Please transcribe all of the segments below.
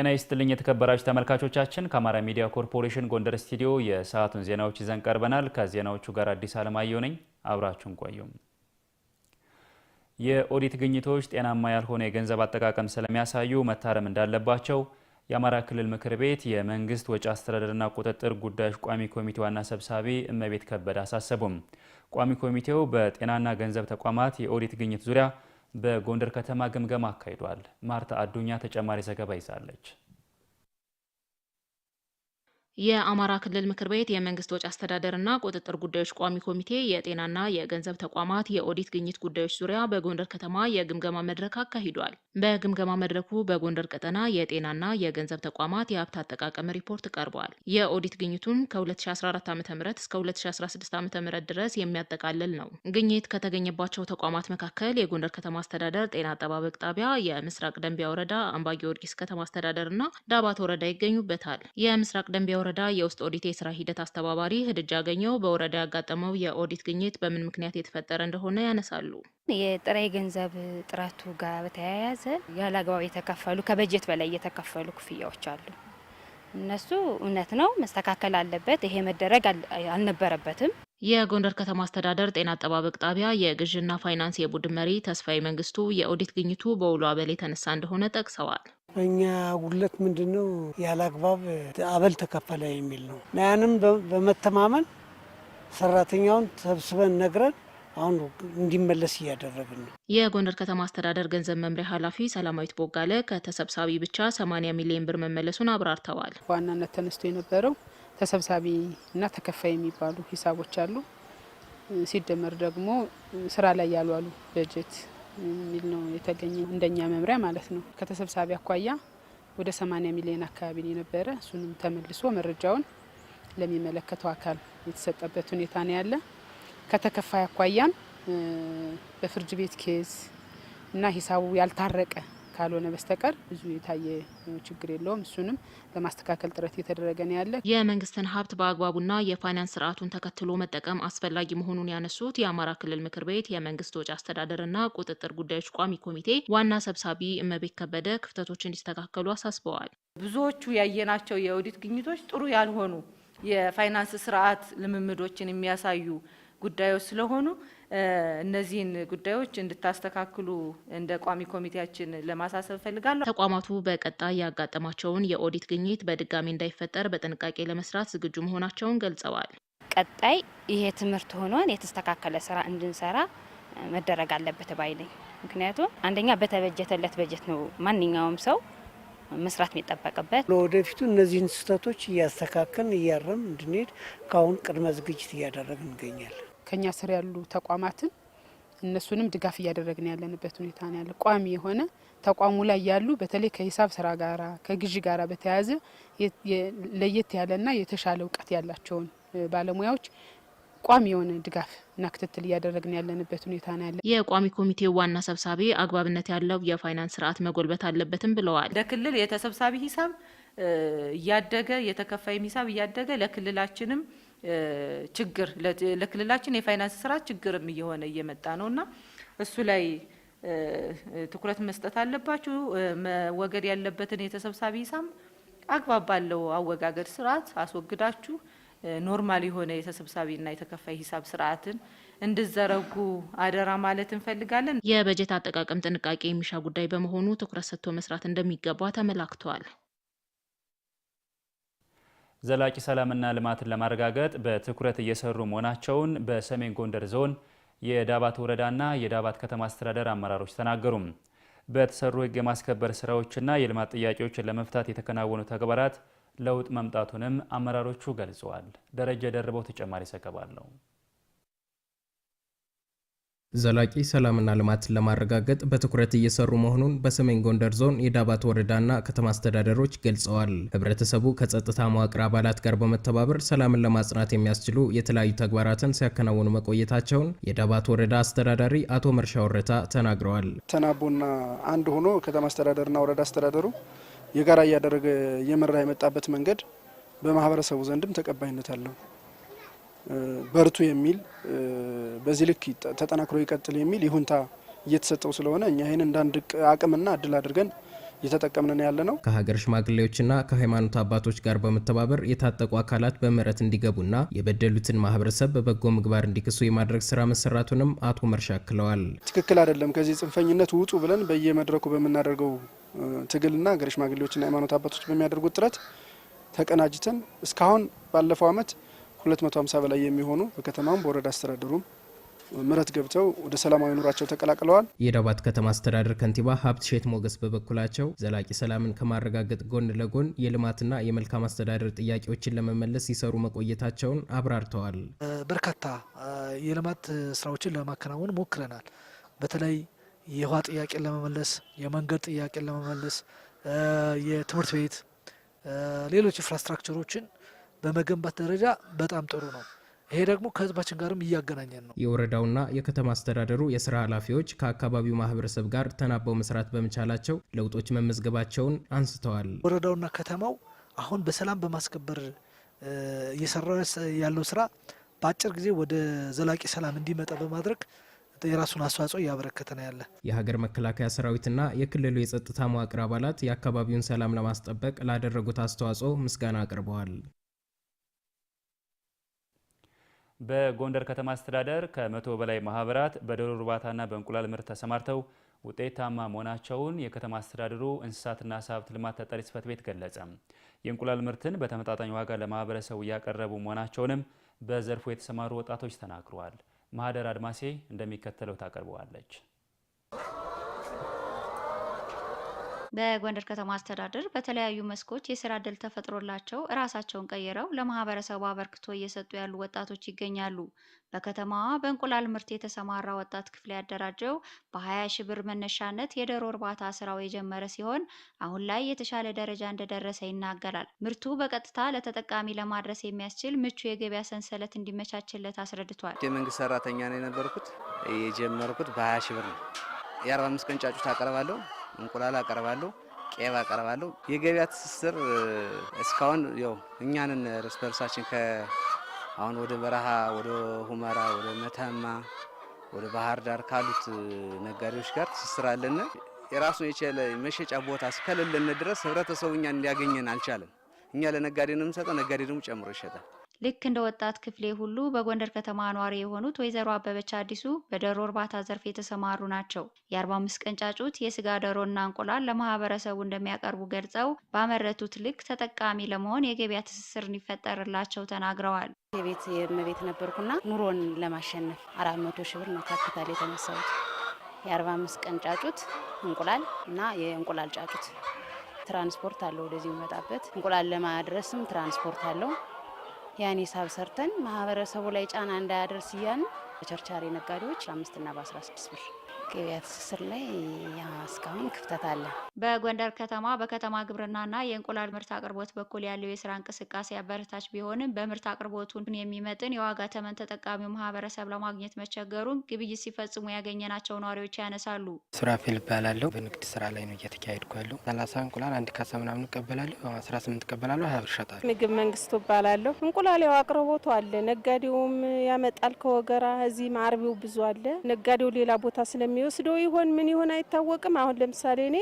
ጤና ይስጥልኝ የተከበራችሁ ተመልካቾቻችን፣ ከአማራ ሚዲያ ኮርፖሬሽን ጎንደር ስቱዲዮ የሰዓቱን ዜናዎች ይዘን ቀርበናል። ከዜናዎቹ ጋር አዲስ አለማየሁ ነኝ፣ አብራችሁን ቆዩ። የኦዲት ግኝቶች ጤናማ ያልሆነ የገንዘብ አጠቃቀም ስለሚያሳዩ መታረም እንዳለባቸው የአማራ ክልል ምክር ቤት የመንግስት ወጪ አስተዳደርና ቁጥጥር ጉዳዮች ቋሚ ኮሚቴ ዋና ሰብሳቢ እመቤት ከበደ አሳሰቡም። ቋሚ ኮሚቴው በጤናና ገንዘብ ተቋማት የኦዲት ግኝት ዙሪያ በጎንደር ከተማ ግምገማ አካሂዷል። ማርታ አዱኛ ተጨማሪ ዘገባ ይዛለች። የአማራ ክልል ምክር ቤት የመንግስት ወጪ አስተዳደርና ቁጥጥር ጉዳዮች ቋሚ ኮሚቴ የጤናና የገንዘብ ተቋማት የኦዲት ግኝት ጉዳዮች ዙሪያ በጎንደር ከተማ የግምገማ መድረክ አካሂዷል። በግምገማ መድረኩ በጎንደር ቀጠና የጤናና የገንዘብ ተቋማት የሀብት አጠቃቀም ሪፖርት ቀርቧል። የኦዲት ግኝቱን ከ2014 ዓ ም እስከ 2016 ዓ ም ድረስ የሚያጠቃልል ነው። ግኝት ከተገኘባቸው ተቋማት መካከል የጎንደር ከተማ አስተዳደር ጤና አጠባበቅ ጣቢያ፣ የምስራቅ ደንቢያ ወረዳ አምባ ጊዮርጊስ ከተማ አስተዳደር እና ዳባት ወረዳ ይገኙበታል። የምስራቅ ደንቢያ ወረዳ የውስጥ ኦዲት የስራ ሂደት አስተባባሪ ህድጃ አገኘው በወረዳ ያጋጠመው የኦዲት ግኝት በምን ምክንያት የተፈጠረ እንደሆነ ያነሳሉ። የጥሬ ገንዘብ ጥረቱ ጋር በተያያዘ ያለ አግባብ የተከፈሉ ከበጀት በላይ የተከፈሉ ክፍያዎች አሉ። እነሱ እውነት ነው መስተካከል አለበት። ይሄ መደረግ አልነበረበትም። የጎንደር ከተማ አስተዳደር ጤና አጠባበቅ ጣቢያ የግዥና ፋይናንስ የቡድን መሪ ተስፋዬ መንግስቱ የኦዲት ግኝቱ በውሎ አበል የተነሳ እንደሆነ ጠቅሰዋል። እኛ ጉድለት ምንድን ነው? ያለ አግባብ አበል ተከፈለ የሚል ነው። ያንም በመተማመን ሰራተኛውን ሰብስበን ነግረን አሁን እንዲመለስ እያደረግን ነው። የጎንደር ከተማ አስተዳደር ገንዘብ መምሪያ ኃላፊ ሰላማዊት ቦጋለ ከተሰብሳቢ ብቻ 80 ሚሊዮን ብር መመለሱን አብራርተዋል። በዋናነት ተነስቶ የነበረው ተሰብሳቢ እና ተከፋይ የሚባሉ ሂሳቦች አሉ። ሲደመር ደግሞ ስራ ላይ አሉ በጀት የሚል ነው የተገኘ እንደኛ መምሪያ ማለት ነው። ከተሰብሳቢ አኳያ ወደ 80 ሚሊዮን አካባቢ የነበረ እሱንም ተመልሶ መረጃውን ለሚመለከተው አካል የተሰጠበት ሁኔታ ነው ያለ። ከተከፋይ አኳያም በፍርድ ቤት ኬዝ እና ሂሳቡ ያልታረቀ ካልሆነ በስተቀር ብዙ የታየ ችግር የለውም። እሱንም ለማስተካከል ጥረት እየተደረገ ነው ያለ። የመንግስትን ሀብት በአግባቡና የፋይናንስ ስርዓቱን ተከትሎ መጠቀም አስፈላጊ መሆኑን ያነሱት የአማራ ክልል ምክር ቤት የመንግስት ወጪ አስተዳደርና ቁጥጥር ጉዳዮች ቋሚ ኮሚቴ ዋና ሰብሳቢ እመቤት ከበደ ክፍተቶች እንዲስተካከሉ አሳስበዋል። ብዙዎቹ ያየናቸው የኦዲት ግኝቶች ጥሩ ያልሆኑ የፋይናንስ ስርዓት ልምምዶችን የሚያሳዩ ጉዳዮች ስለሆኑ እነዚህን ጉዳዮች እንድታስተካክሉ እንደ ቋሚ ኮሚቴያችን ለማሳሰብ ፈልጋለሁ። ተቋማቱ በቀጣይ ያጋጠማቸውን የኦዲት ግኝት በድጋሚ እንዳይፈጠር በጥንቃቄ ለመስራት ዝግጁ መሆናቸውን ገልጸዋል። ቀጣይ ይሄ ትምህርት ሆኖን የተስተካከለ ስራ እንድንሰራ መደረግ አለበት ባይ ነኝ። ምክንያቱም አንደኛ በተበጀተለት በጀት ነው ማንኛውም ሰው መስራት የሚጠበቅበት። ለወደፊቱ እነዚህን ስህተቶች እያስተካከልን እያረም እንድንሄድ ከአሁን ቅድመ ዝግጅት እያደረግን እንገኛለን። ከኛ ስር ያሉ ተቋማትን እነሱንም ድጋፍ እያደረግን ያለንበት ሁኔታ ነው ያለ። ቋሚ የሆነ ተቋሙ ላይ ያሉ በተለይ ከሂሳብ ስራ ጋራ ከግዢ ጋራ በተያያዘ ለየት ያለና የተሻለ እውቀት ያላቸውን ባለሙያዎች ቋሚ የሆነ ድጋፍ እና ክትትል እያደረግን ያለንበት ሁኔታ ነው ያለ። የቋሚ ኮሚቴው ዋና ሰብሳቢ አግባብነት ያለው የፋይናንስ ስርዓት መጎልበት አለበትም ብለዋል። ለክልል የተሰብሳቢ ሂሳብ እያደገ የተከፋይም ሂሳብ እያደገ ለክልላችንም ችግር ለክልላችን የፋይናንስ ስራ ችግርም እየሆነ እየመጣ ነው እና እሱ ላይ ትኩረት መስጠት አለባችሁ። መወገድ ያለበትን የተሰብሳቢ ሂሳብ አግባብ ባለው አወጋገድ ስርዓት አስወግዳችሁ ኖርማል የሆነ የተሰብሳቢና የተከፋይ ሂሳብ ስርዓትን እንድዘረጉ አደራ ማለት እንፈልጋለን። የበጀት አጠቃቀም ጥንቃቄ የሚሻ ጉዳይ በመሆኑ ትኩረት ሰጥቶ መስራት እንደሚገባ ተመላክቷል። ዘላቂ ሰላምና ልማትን ለማረጋገጥ በትኩረት እየሰሩ መሆናቸውን በሰሜን ጎንደር ዞን የዳባት ወረዳና የዳባት ከተማ አስተዳደር አመራሮች ተናገሩም። በተሰሩ ህግ የማስከበር ስራዎችና የልማት ጥያቄዎችን ለመፍታት የተከናወኑ ተግባራት ለውጥ መምጣቱንም አመራሮቹ ገልጸዋል። ደረጀ ደርበው ተጨማሪ ዘገባ አለው። ዘላቂ ሰላምና ልማትን ለማረጋገጥ በትኩረት እየሰሩ መሆኑን በሰሜን ጎንደር ዞን የዳባት ወረዳና ከተማ አስተዳደሮች ገልጸዋል። ህብረተሰቡ ከጸጥታ መዋቅር አባላት ጋር በመተባበር ሰላምን ለማጽናት የሚያስችሉ የተለያዩ ተግባራትን ሲያከናውኑ መቆየታቸውን የዳባት ወረዳ አስተዳዳሪ አቶ መርሻ ወረታ ተናግረዋል። ተናቦና አንድ ሆኖ ከተማ አስተዳደርና ወረዳ አስተዳደሩ የጋራ እያደረገ የመራ የመጣበት መንገድ በማህበረሰቡ ዘንድም ተቀባይነት አለው። በርቱ የሚል በዚህ ልክ ተጠናክሮ ይቀጥል የሚል ይሁንታ እየተሰጠው ስለሆነ እኛ ይህን እንዳንድ አቅምና እድል አድርገን እየተጠቀምን ያለ ነው። ከሀገር ሽማግሌዎችና ከሃይማኖት አባቶች ጋር በመተባበር የታጠቁ አካላት በምህረት እንዲገቡና የበደሉትን ማህበረሰብ በበጎ ምግባር እንዲክሱ የማድረግ ስራ መሰራቱንም አቶ መርሻ አክለዋል። ትክክል አይደለም፣ ከዚህ ጽንፈኝነት ውጡ ብለን በየመድረኩ በምናደርገው ትግልና ሀገር ሽማግሌዎችና ሃይማኖት አባቶች በሚያደርጉት ጥረት ተቀናጅተን እስካሁን ባለፈው አመት 250 በላይ የሚሆኑ በከተማም በወረዳ አስተዳደሩም ምረት ገብተው ወደ ሰላማዊ ኑሯቸው ተቀላቅለዋል። የዳባት ከተማ አስተዳደር ከንቲባ ሀብት ሼት ሞገስ በበኩላቸው ዘላቂ ሰላምን ከማረጋገጥ ጎን ለጎን የልማትና የመልካም አስተዳደር ጥያቄዎችን ለመመለስ ሲሰሩ መቆየታቸውን አብራርተዋል። በርካታ የልማት ስራዎችን ለማከናወን ሞክረናል። በተለይ የውሃ ጥያቄን ለመመለስ፣ የመንገድ ጥያቄን ለመመለስ፣ የትምህርት ቤት፣ ሌሎች ኢንፍራስትራክቸሮችን በመገንባት ደረጃ በጣም ጥሩ ነው። ይሄ ደግሞ ከህዝባችን ጋርም እያገናኘን ነው። የወረዳውና የከተማ አስተዳደሩ የስራ ኃላፊዎች ከአካባቢው ማህበረሰብ ጋር ተናበው መስራት በመቻላቸው ለውጦች መመዝገባቸውን አንስተዋል። ወረዳውና ከተማው አሁን በሰላም በማስከበር እየሰራ ያለው ስራ በአጭር ጊዜ ወደ ዘላቂ ሰላም እንዲመጣ በማድረግ የራሱን አስተዋጽኦ እያበረከተ ነው ያለ። የሀገር መከላከያ ሰራዊትና የክልሉ የጸጥታ መዋቅር አባላት የአካባቢውን ሰላም ለማስጠበቅ ላደረጉት አስተዋጽኦ ምስጋና አቅርበዋል። በጎንደር ከተማ አስተዳደር ከመቶ በላይ ማህበራት በዶሮ እርባታና በእንቁላል ምርት ተሰማርተው ውጤታማ መሆናቸውን የከተማ አስተዳደሩ እንስሳትና ዓሳ ሀብት ልማት ተጠሪ ጽሕፈት ቤት ገለጸ። የእንቁላል ምርትን በተመጣጣኝ ዋጋ ለማህበረሰቡ እያቀረቡ መሆናቸውንም በዘርፉ የተሰማሩ ወጣቶች ተናግረዋል። ማህደር አድማሴ እንደሚከተለው ታቀርበዋለች። በጎንደር ከተማ አስተዳደር በተለያዩ መስኮች የስራ እድል ተፈጥሮላቸው እራሳቸውን ቀይረው ለማህበረሰቡ አበርክቶ እየሰጡ ያሉ ወጣቶች ይገኛሉ። በከተማዋ በእንቁላል ምርት የተሰማራ ወጣት ክፍል ያደራጀው በ20 ሺህ ብር መነሻነት የዶሮ እርባታ ስራው የጀመረ ሲሆን አሁን ላይ የተሻለ ደረጃ እንደደረሰ ይናገራል። ምርቱ በቀጥታ ለተጠቃሚ ለማድረስ የሚያስችል ምቹ የገበያ ሰንሰለት እንዲመቻችለት አስረድቷል። የመንግስት ሰራተኛ ነው የነበርኩት። የጀመርኩት በ20 ሺህ ብር ነው። የ የ45 ቀን ጫጩት አቀርባለሁ እንቁላል አቀርባለሁ፣ ቄብ አቀርባለሁ። የገበያ ትስስር እስካሁን ያው እኛንን እርስ በርሳችን አሁን ወደ በረሃ ወደ ሁመራ ወደ መተማ ወደ ባህር ዳር ካሉት ነጋዴዎች ጋር ትስስር አለን። የራሱን የቻለ መሸጫ ቦታ እስከሌለን ድረስ ህብረተሰቡ እኛን ሊያገኘን አልቻለም። እኛ ለነጋዴ ነው የምንሰጠው፣ ነጋዴ ደግሞ ጨምሮ ይሸጣል። ልክ እንደ ወጣት ክፍሌ ሁሉ በጎንደር ከተማ ኗሪ የሆኑት ወይዘሮ አበበች አዲሱ በደሮ እርባታ ዘርፍ የተሰማሩ ናቸው። የ45 ቀን ጫጩት የስጋ ዶሮና እንቁላል ለማህበረሰቡ እንደሚያቀርቡ ገልጸው ባመረቱት ልክ ተጠቃሚ ለመሆን የገበያ ትስስር እንዲፈጠርላቸው ተናግረዋል። የቤት የመቤት ነበርኩና ኑሮን ለማሸነፍ 400 ሺህ ብር ነው ካፒታል የተነሳሁት። የ45 ቀን ጫጩት እንቁላል እና የእንቁላል ጫጩት ትራንስፖርት አለው ወደዚህ የሚመጣበት እንቁላል ለማድረስም ትራንስፖርት አለው ያን ሂሳብ ሰርተን ማህበረሰቡ ላይ ጫና እንዳያደርስ እያን በቸርቻሪ ነጋዴዎች አምስትና በአስራ ስድስት ብር ገበያ ትስስር ላይ እስካሁን ክፍተት አለ። በጎንደር ከተማ በከተማ ግብርናና የእንቁላል ምርት አቅርቦት በኩል ያለው የስራ እንቅስቃሴ አበረታች ቢሆንም በምርት አቅርቦቱን የሚመጥን የዋጋ ተመን ተጠቃሚው ማህበረሰብ ለማግኘት መቸገሩን ግብይት ሲፈጽሙ ያገኘናቸው ነዋሪዎች ያነሳሉ። ሱራፌል እባላለሁ። በንግድ ስራ ላይ ነው እየተካሄድኩ ያለው። ሰላሳ እንቁላል አንድ ካሳ ምናምን እቀበላለሁ። አስራ ስምንት እቀበላለሁ። ሀያ ብር እሸጣለሁ። ምግብ መንግስቱ እባላለሁ። እንቁላል ያው አቅርቦቱ አለ። ነጋዴውም ያመጣል ከወገራ። እዚህ አርቢው ብዙ አለ። ነጋዴው ሌላ ቦታ ስለሚ የሚወስደው ይሆን ምን ይሆን አይታወቅም። አሁን ለምሳሌ እኔ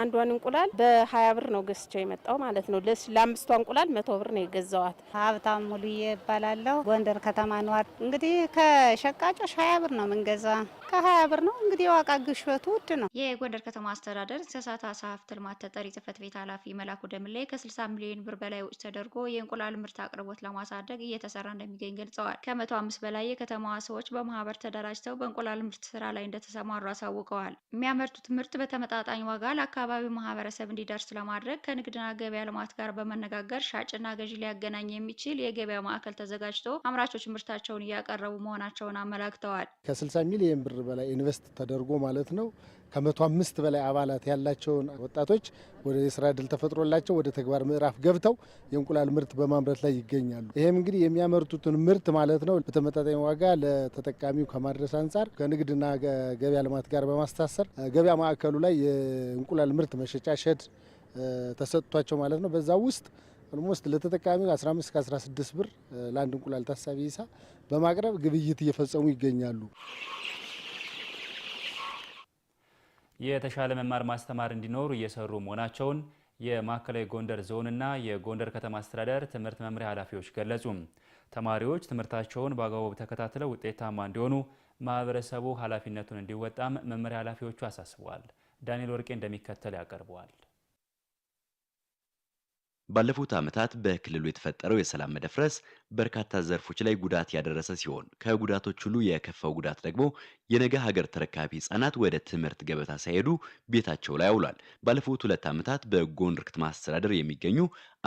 አንዷን እንቁላል በሀያ ብር ነው ገዝቸው የመጣው ማለት ነው። ለአምስቷ እንቁላል መቶ ብር ነው የገዛዋት። ሀብታም ሙሉዬ እባላለሁ። ጎንደር ከተማ ነዋሪ። እንግዲህ ከሸቃጮች ሀያ ብር ነው የምንገዛ። ከሀያ ብር ነው እንግዲህ የዋቃ ግሽበቱ ውድ ነው። የጎንደር ከተማ አስተዳደር እንስሳት አሳ ሀብት ልማት ተጠሪ ጽህፈት ቤት ኃላፊ መላኩ ደምላይ ከ60 ሚሊዮን ብር በላይ ውጭ ተደርጎ የእንቁላል ምርት አቅርቦት ለማሳደግ እየተሰራ እንደሚገኝ ገልጸዋል። ከመቶ አምስት በላይ የከተማዋ ሰዎች በማህበር ተደራጅተው በእንቁላል ምርት ስራ ላይ እንደተሰማሩ አሳውቀዋል። የሚያመርቱት ምርት በተመጣጣኝ ዋጋ ለአካባቢው ማህበረሰብ እንዲደርስ ለማድረግ ከንግድና ገበያ ልማት ጋር በመነጋገር ሻጭና ገዢ ሊያገናኝ የሚችል የገበያ ማዕከል ተዘጋጅቶ አምራቾች ምርታቸውን እያቀረቡ መሆናቸውን አመላክተዋል። ከ60 ሚሊዮን ብር በላይ ኢንቨስት ተደርጎ ማለት ነው ከመቶ አምስት በላይ አባላት ያላቸውን ወጣቶች ወደ የስራ እድል ተፈጥሮላቸው ወደ ተግባር ምዕራፍ ገብተው የእንቁላል ምርት በማምረት ላይ ይገኛሉ። ይህም እንግዲህ የሚያመርቱትን ምርት ማለት ነው በተመጣጣኝ ዋጋ ለተጠቃሚው ከማድረስ አንጻር ከንግድና ገበያ ልማት ጋር በማስታሰር ገበያ ማዕከሉ ላይ የእንቁላል የእንቁላል ምርት መሸጫ ሸድ ተሰጥቷቸው ማለት ነው። በዛ ውስጥ ኦልሞስት ለተጠቃሚ 15 16 ብር ለአንድ እንቁላል ታሳቢ ይሳ በማቅረብ ግብይት እየፈጸሙ ይገኛሉ። የተሻለ መማር ማስተማር እንዲኖር እየሰሩ መሆናቸውን የማዕከላዊ ጎንደር ዞንና የጎንደር ከተማ አስተዳደር ትምህርት መምሪያ ኃላፊዎች ገለጹ። ተማሪዎች ትምህርታቸውን በአግባቡ ተከታትለው ውጤታማ እንዲሆኑ ማህበረሰቡ ኃላፊነቱን እንዲወጣም መምሪያ ኃላፊዎቹ አሳስበዋል። ዳንኤል ወርቄ እንደሚከተል ያቀርበዋል። ባለፉት ዓመታት በክልሉ የተፈጠረው የሰላም መደፍረስ በርካታ ዘርፎች ላይ ጉዳት ያደረሰ ሲሆን ከጉዳቶች ሁሉ የከፋው ጉዳት ደግሞ የነገ ሀገር ተረካቢ ህጻናት ወደ ትምህርት ገበታ ሳይሄዱ ቤታቸው ላይ አውሏል። ባለፉት ሁለት ዓመታት በጎንደር ከተማ አስተዳደር የሚገኙ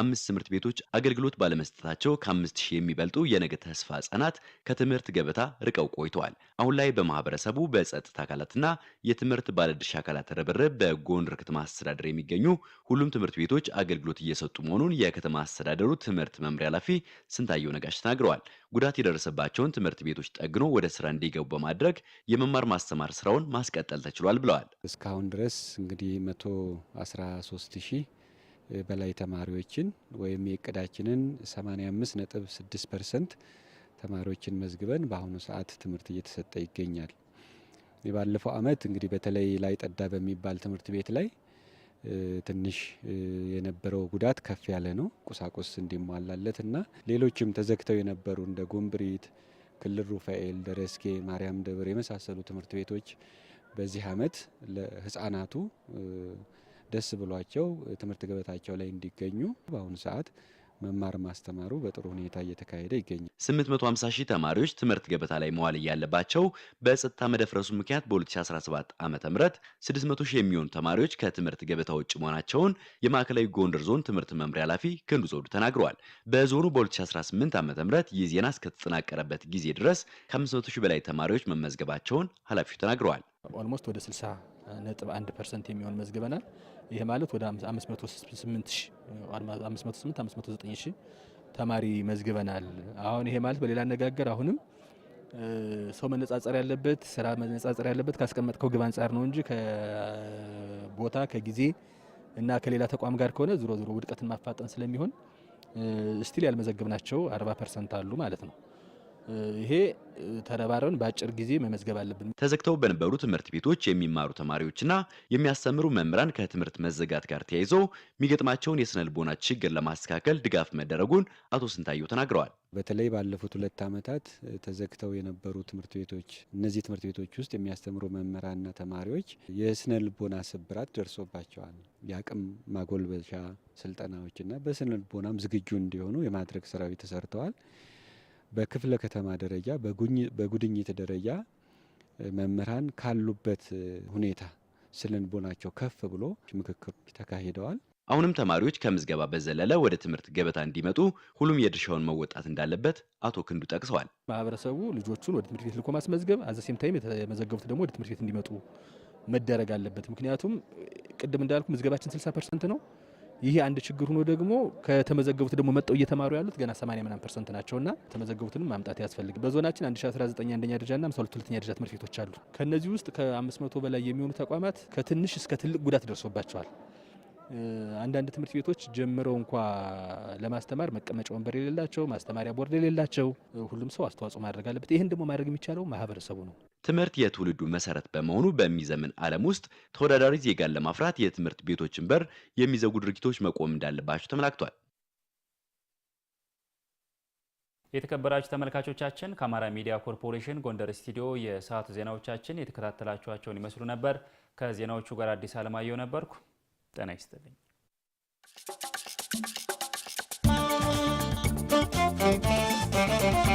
አምስት ትምህርት ቤቶች አገልግሎት ባለመስጠታቸው ከአምስት ሺህ የሚበልጡ የነገ ተስፋ ህጻናት ከትምህርት ገበታ ርቀው ቆይተዋል። አሁን ላይ በማህበረሰቡ በጸጥታ አካላትና የትምህርት ባለድርሻ አካላት ርብርብ በጎንደር ከተማ አስተዳደር የሚገኙ ሁሉም ትምህርት ቤቶች አገልግሎት እየሰጡ መሆኑን የከተማ አስተዳደሩ ትምህርት መምሪያ ኃላፊ ስንታየው ነጋሽ ተናግረዋል። ጉዳት የደረሰባቸውን ትምህርት ቤቶች ጠግኖ ወደ ስራ እንዲገቡ በማድረግ የመማር ማስተማር ስራውን ማስቀጠል ተችሏል ብለዋል። እስካሁን ድረስ እንግዲህ 113 ሺህ በላይ ተማሪዎችን ወይም የእቅዳችንን 85.6 ፐርሰንት ተማሪዎችን መዝግበን በአሁኑ ሰዓት ትምህርት እየተሰጠ ይገኛል። ባለፈው አመት እንግዲህ በተለይ ላይ ጠዳ በሚባል ትምህርት ቤት ላይ ትንሽ የነበረው ጉዳት ከፍ ያለ ነው። ቁሳቁስ እንዲሟላለት እና ሌሎችም ተዘግተው የነበሩ እንደ ጎንብሪት ክልል ሩፋኤል፣ ደረስኬ፣ ማርያም ደብር የመሳሰሉ ትምህርት ቤቶች በዚህ ዓመት ለህፃናቱ ደስ ብሏቸው ትምህርት ገበታቸው ላይ እንዲገኙ በአሁኑ ሰዓት መማር ማስተማሩ በጥሩ ሁኔታ እየተካሄደ ይገኛል። 850 ሺህ ተማሪዎች ትምህርት ገበታ ላይ መዋል እያለባቸው በጸጥታ መደፍረሱ ምክንያት በ2017 ዓ ም 600 ሺህ የሚሆኑ ተማሪዎች ከትምህርት ገበታ ውጭ መሆናቸውን የማዕከላዊ ጎንደር ዞን ትምህርት መምሪያ ኃላፊ ክንዱ ዘውዱ ተናግረዋል። በዞኑ በ2018 ዓ ም ይህ ዜና እስከተጠናቀረበት ጊዜ ድረስ ከ500 ሺህ በላይ ተማሪዎች መመዝገባቸውን ኃላፊው ተናግረዋል። ኦልሞስት ወደ 60 ነጥብ 1 ፐርሰንት የሚሆን መዝግበናል። ይሄ ማለት ወደ 508 ሺህ 509 ሺህ ተማሪ መዝግበናል። አሁን ይሄ ማለት በሌላ አነጋገር አሁንም ሰው መነጻጸር ያለበት ስራ መነጻጸር ያለበት ካስቀመጥከው ግብ አንጻር ነው እንጂ ከቦታ ከጊዜ እና ከሌላ ተቋም ጋር ከሆነ ዝሮ ዝሮ ውድቀትን ማፋጠን ስለሚሆን ስቲል ያልመዘግብናቸው 40 ፐርሰንት አሉ ማለት ነው። ይሄ ተረባረብን በአጭር ጊዜ መመዝገብ አለብን። ተዘግተው በነበሩ ትምህርት ቤቶች የሚማሩ ተማሪዎችና የሚያስተምሩ መምህራን ከትምህርት መዘጋት ጋር ተያይዞ የሚገጥማቸውን የስነ ልቦና ችግር ለማስተካከል ድጋፍ መደረጉን አቶ ስንታየው ተናግረዋል። በተለይ ባለፉት ሁለት ዓመታት ተዘግተው የነበሩ ትምህርት ቤቶች እነዚህ ትምህርት ቤቶች ውስጥ የሚያስተምሩ መምህራንና ተማሪዎች የስነ ልቦና ስብራት ደርሶባቸዋል። የአቅም ማጎልበሻ ስልጠናዎችና በስነ ልቦናም ዝግጁ እንዲሆኑ የማድረግ ስራዊ ተሰርተዋል። በክፍለ ከተማ ደረጃ በጉድኝት ደረጃ መምህራን ካሉበት ሁኔታ ስለንቦናቸው ከፍ ብሎ ምክክሮች ተካሂደዋል። አሁንም ተማሪዎች ከምዝገባ በዘለለ ወደ ትምህርት ገበታ እንዲመጡ ሁሉም የድርሻውን መወጣት እንዳለበት አቶ ክንዱ ጠቅሰዋል። ማህበረሰቡ ልጆቹን ወደ ትምህርት ቤት ልኮ ማስመዝገብ አዘሴም ታይም የተመዘገቡት ደግሞ ወደ ትምህርት ቤት እንዲመጡ መደረግ አለበት። ምክንያቱም ቅድም እንዳልኩ ምዝገባችን 60 ፐርሰንት ነው። ይሄ አንድ ችግር ሆኖ ደግሞ ከተመዘገቡት ደግሞ መጠው እየተማሩ ያሉት ገና 80 ምናምን ፐርሰንት ናቸውና ተመዘገቡትንም ማምጣት ያስፈልግ። በዞናችን 1019 አንደኛ ደረጃና 52 ሁለተኛ ደረጃ ትምህርት ቤቶች አሉ። ከነዚህ ውስጥ ከ500 በላይ የሚሆኑ ተቋማት ከትንሽ እስከ ትልቅ ጉዳት ደርሶባቸዋል። አንዳንድ ትምህርት ቤቶች ጀምረው እንኳ ለማስተማር መቀመጫ ወንበር የሌላቸው፣ ማስተማሪያ ቦርድ የሌላቸው፣ ሁሉም ሰው አስተዋጽኦ ማድረግ አለበት። ይህን ደግሞ ማድረግ የሚቻለው ማህበረሰቡ ነው። ትምህርት የትውልዱ መሰረት በመሆኑ በሚዘምን ዓለም ውስጥ ተወዳዳሪ ዜጋን ለማፍራት የትምህርት ቤቶችን በር የሚዘጉ ድርጊቶች መቆም እንዳለባቸው ተመላክቷል። የተከበራችሁ ተመልካቾቻችን ከአማራ ሚዲያ ኮርፖሬሽን ጎንደር ስቱዲዮ የሰዓቱ ዜናዎቻችን የተከታተላችኋቸውን ይመስሉ ነበር። ከዜናዎቹ ጋር አዲስ አለማየሁ ነበርኩ። ጤና ይስጥልኝ። Thank you.